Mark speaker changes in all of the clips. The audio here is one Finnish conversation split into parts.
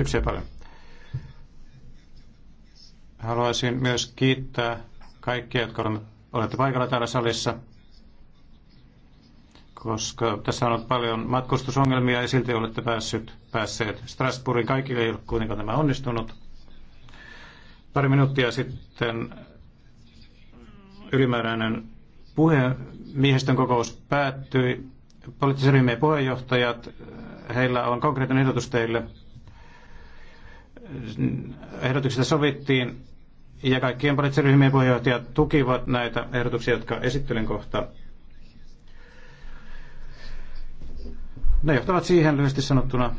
Speaker 1: Kiitoksia paljon. Haluaisin myös kiittää kaikkia, jotka olette paikalla täällä salissa, koska tässä on ollut paljon matkustusongelmia ja silti olette päässyt, päässeet Strasbourgin. Kaikille ei ole kuitenkaan tämä onnistunut. Pari minuuttia sitten ylimääräinen puhemiehistön kokous päättyi. Poliittisen ryhmien puheenjohtajat, heillä on konkreettinen ehdotus teille ehdotuksista sovittiin ja kaikkien poliittisen puheenjohtajat tukivat näitä ehdotuksia, jotka esittelen kohta. Ne johtavat siihen lyhyesti sanottuna,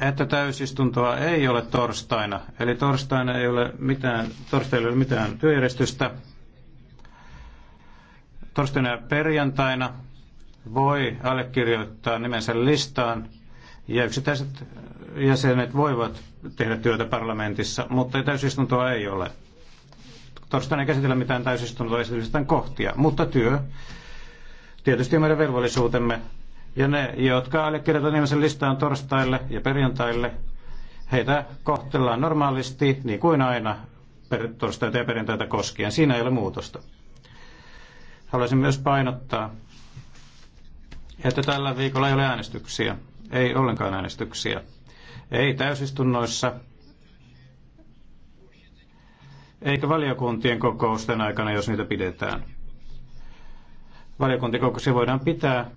Speaker 1: että täysistuntoa ei ole torstaina. Eli torstaina ei ole mitään, torstaina ei ole mitään työjärjestystä. Torstaina ja perjantaina voi allekirjoittaa nimensä listaan ja yksittäiset jäsenet voivat tehdä työtä parlamentissa, mutta täysistuntoa ei ole. Torstaina ei käsitellä mitään täysistuntoa esitystä kohtia, mutta työ tietysti on meidän velvollisuutemme. Ja ne, jotka allekirjoittavat nimensä listaan torstaille ja perjantaille, heitä kohtellaan normaalisti, niin kuin aina, torstaita ja perjantaita koskien. Siinä ei ole muutosta. Haluaisin myös painottaa, että tällä viikolla ei ole äänestyksiä. Ei ollenkaan äänestyksiä. Ei täysistunnoissa. Eikä valiokuntien kokousten aikana, jos niitä pidetään. Valiokuntikokouksia voidaan pitää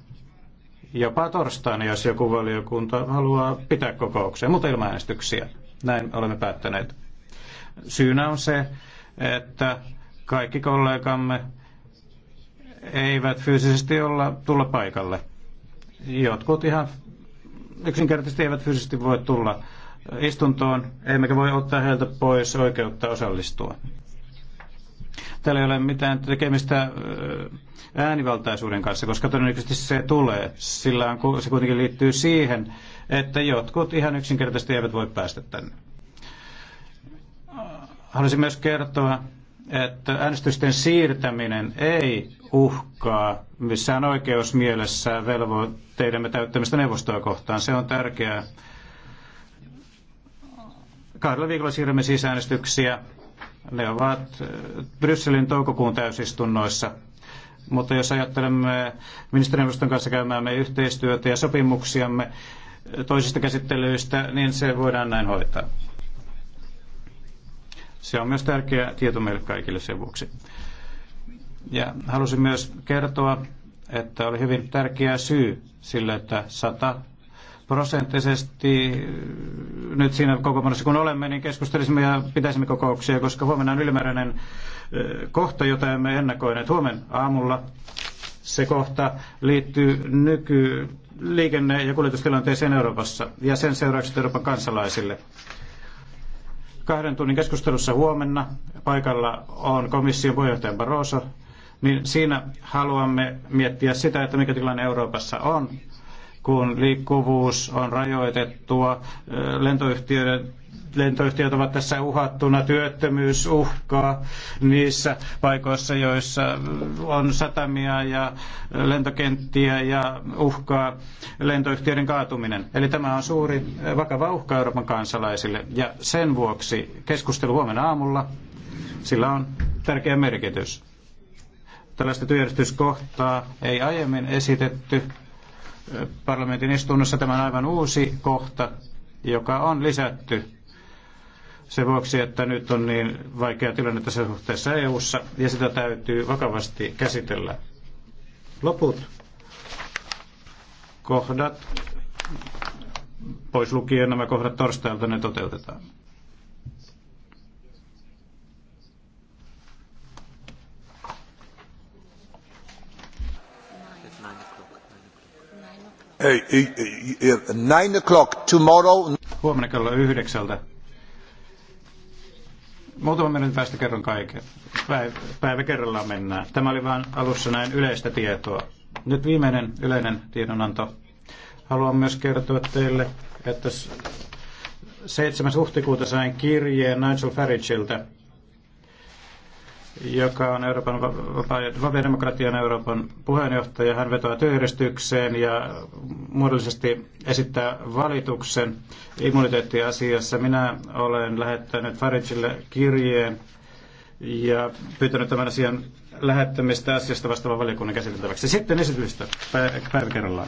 Speaker 1: jopa torstaina, jos joku valiokunta haluaa pitää kokouksia, mutta ilman äänestyksiä. Näin olemme päättäneet. Syynä on se, että kaikki kollegamme eivät fyysisesti olla tulla paikalle. Jotkut ihan yksinkertaisesti eivät fyysisesti voi tulla istuntoon, emmekä voi ottaa heiltä pois oikeutta osallistua. Täällä ei ole mitään tekemistä äänivaltaisuuden kanssa, koska todennäköisesti se tulee. Sillä on, se kuitenkin liittyy siihen, että jotkut ihan yksinkertaisesti eivät voi päästä tänne. Haluaisin myös kertoa että äänestysten siirtäminen ei uhkaa missään oikeusmielessä velvoitteidemme täyttämistä neuvostoa kohtaan. Se on tärkeää. Kahdella viikolla siirrämme siis äänestyksiä. Ne ovat äh, Brysselin toukokuun täysistunnoissa. Mutta jos ajattelemme ministerineuvoston kanssa käymäämme yhteistyötä ja sopimuksiamme toisista käsittelyistä, niin se voidaan näin hoitaa. Se on myös tärkeä tieto meille kaikille sen vuoksi. Ja halusin myös kertoa, että oli hyvin tärkeä syy sille, että 100 prosenttisesti nyt siinä kokoomassa kun olemme, niin keskustelisimme ja pitäisimme kokouksia, koska huomenna on ylimääräinen kohta, jota emme ennakoineet huomen aamulla. Se kohta liittyy nykyliikenne ja kuljetustilanteeseen Euroopassa ja sen seuraukset Euroopan kansalaisille kahden tunnin keskustelussa huomenna paikalla on komission puheenjohtaja Barroso, niin siinä haluamme miettiä sitä, että mikä tilanne Euroopassa on, kun liikkuvuus on rajoitettua, lentoyhtiöiden lentoyhtiöt ovat tässä uhattuna, työttömyys uhkaa niissä paikoissa, joissa on satamia ja lentokenttiä ja uhkaa lentoyhtiöiden kaatuminen. Eli tämä on suuri vakava uhka Euroopan kansalaisille ja sen vuoksi keskustelu huomenna aamulla, sillä on tärkeä merkitys. Tällaista työjärjestyskohtaa ei aiemmin esitetty parlamentin istunnossa. Tämä on aivan uusi kohta, joka on lisätty sen vuoksi, että nyt on niin vaikea tilanne tässä suhteessa EU-ssa ja sitä täytyy vakavasti käsitellä. Loput kohdat, pois lukien nämä kohdat torstailta, ne toteutetaan. Huomenna kello yhdeksältä. Muutaman minuutin päästä kerron kaiken. Päivä, päivä kerrallaan mennään. Tämä oli vain alussa näin yleistä tietoa. Nyt viimeinen yleinen tiedonanto. Haluan myös kertoa teille, että 7. huhtikuuta sain kirjeen Nigel Farageilta, joka on Euroopan vapaa demokratian Euroopan puheenjohtaja. Hän vetoaa työjärjestykseen ja muodollisesti esittää valituksen immuniteettiasiassa. Minä olen lähettänyt Faridjille kirjeen ja pyytänyt tämän asian lähettämistä asiasta vastaavan valiokunnan käsiteltäväksi. Sitten esitystä päivä kerrallaan.